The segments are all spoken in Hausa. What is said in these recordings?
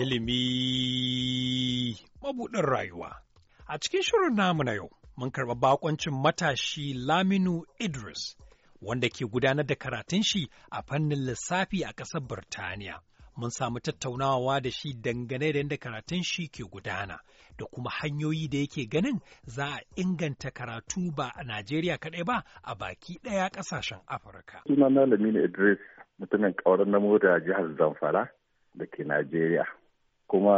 Ilimi mabuɗin rayuwa. A cikin shirin namu na yau, mun karɓi bakoncin matashi Laminu Idris, wanda ke gudanar da karatun shi a fannin lissafi a ƙasar Birtaniya. Mun samu tattaunawa da shi dangane da yadda karatun shi ke gudana, da kuma hanyoyi da yake ganin za a inganta karatu ba a Najeriya kaɗai ba a baki ɗaya ƙasashen Afirka. na Laminu Idris, mutumin ƙaurin namo da jihar Zamfara da ke Najeriya. kuma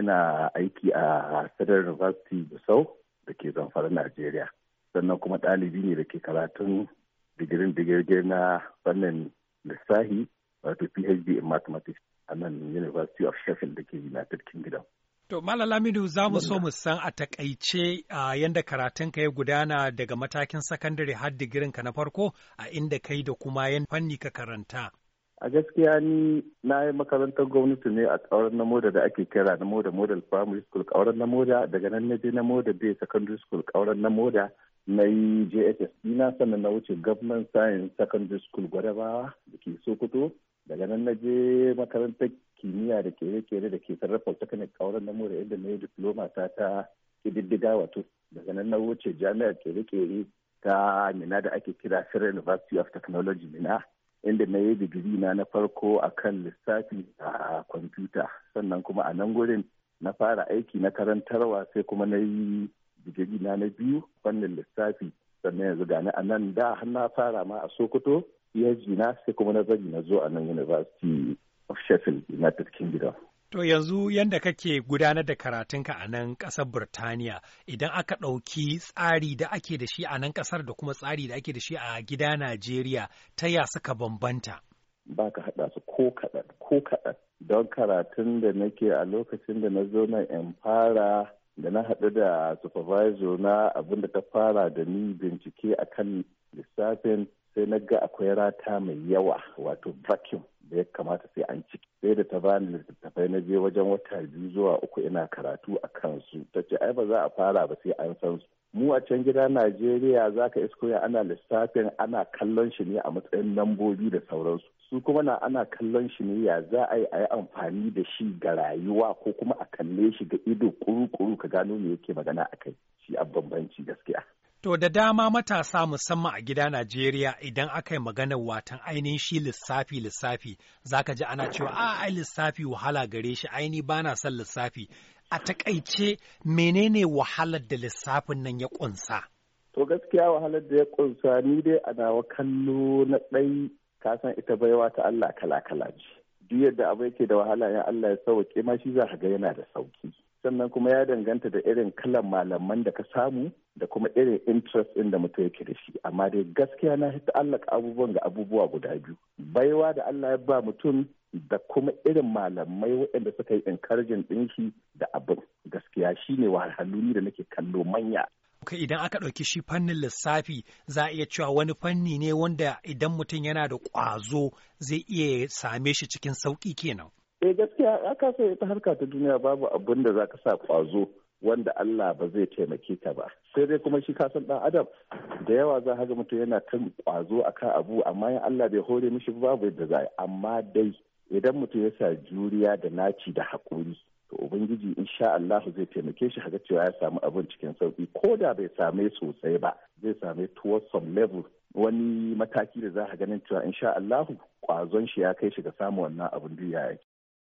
ina aiki a Federal University sau da ke zamfara Najeriya. Sannan kuma ɗalibi ne da ke karatun digirin digirge na fannin lissahi wato PhD in Mathematics a nan University of Sheffield da ke United Kingdom. To, lamidu za mu so mu san a takaice a yadda karatun ka ya gudana daga matakin sakandare har digirinka na farko a inda kai da kuma yan fanni ka karanta. a gaskiya ni na yi makarantar gwamnati ne a ƙauren na moda da ake kira na moda model primary school ƙauren na moda daga nan na je na moda bay secondary school ƙauren na moda na yi jss na sannan na wuce government science secondary school gwadabawa da ke sokoto daga nan na je makarantar kimiyya da kere-kere da ke sarrafa technic ƙauren na moda inda na yi diploma ta ta ƙididdiga wato daga nan na wuce jami'ar kere-kere ta mina da ake kira Federal University of Technology mina inda na yi digiri na na farko a kan lissafi a kwamfuta sannan kuma a nan gurin na fara aiki na karantarwa sai kuma na yi digiri na na biyu fannin lissafi sannan yanzu ni a nan da na fara ma a sokoto yaji na sai kuma na bari na zo a nan University of Sheffield United Kingdom. To yanzu yadda kake gudanar da karatunka a nan ƙasar Burtaniya idan aka ɗauki tsari da ake da shi a nan ƙasar da kuma tsari da ake da shi a gida Najeriya ta ya suka bambanta? Ba ka haɗa su ko kaɗan ko kaɗan don karatun da nake a lokacin da na zo na in fara da na haɗu da supervisor na abin da ta fara da ni bincike a kan lissafin sai na ga akwai rata mai yawa wato vacuum da ya kamata sai an ciki sai da ta bani littattafai na je wajen wata biyu zuwa uku ina karatu a kansu ta ce ai ba za a fara ba sai an san su mu a can gida najeriya za ka isko ya ana lissafin ana kallon shi ne a matsayin lambobi da sauransu su kuma na ana kallon shi ne ya za a yi a yi amfani da shi ga rayuwa ko kuma a kalle shi ga ido kuru-kuru ka gano me yake magana a kai shi a bambanci gaskiya To da dama matasa musamman a gida Najeriya idan aka yi maganar watan ainihin shi lissafi lissafi zaka ji ana cewa a ah, ai lissafi wahala gare shi aini bana son lissafi a takaice menene wahalar da lissafin nan ya kunsa? To gaskiya wahalar da ya kunsa ni dai a nawa kallo na ɗai kasan ita baiwa ta Allah kala kala ce. Duk yadda abu yake da wahala ya Allah ya sauke ma shi za ka ga yana da sauki. Sannan kuma ya danganta da irin kalan malaman da ka samu da kuma irin interest ɗin da mutum yake da shi amma dai gaskiya na ta allaka abubuwan ga abubuwa guda biyu baiwa da Allah ya ba mutum da kuma irin malamai waɗanda suka yi encouraging ɗin shi da abin gaskiya shi shine wahalhaluni da nake kallo manya Okay, idan aka ɗauki shi fannin lissafi za a iya cewa wani fanni ne wanda idan mutum yana da ƙwazo zai iya same shi cikin sauƙi kenan. Eh gaskiya aka so ita harka ta duniya babu abin da za ka sa ƙwazo wanda Allah ba zai taimake ka ba sai dai kuma shi kasan dan adam da yawa za ga mutum yana kan kwazo akan abu amma in Allah bai hore mishi babu yadda za amma dai idan mutum ya sa juriya da naci da hakuri to ubangiji insha Allah zai taimake shi ga cewa ya samu abun cikin sauki ko da bai same sosai ba zai same towards some level wani mataki da za a ganin cewa insha Allah kwazon shi ya kai shi ga samu wannan abin duniya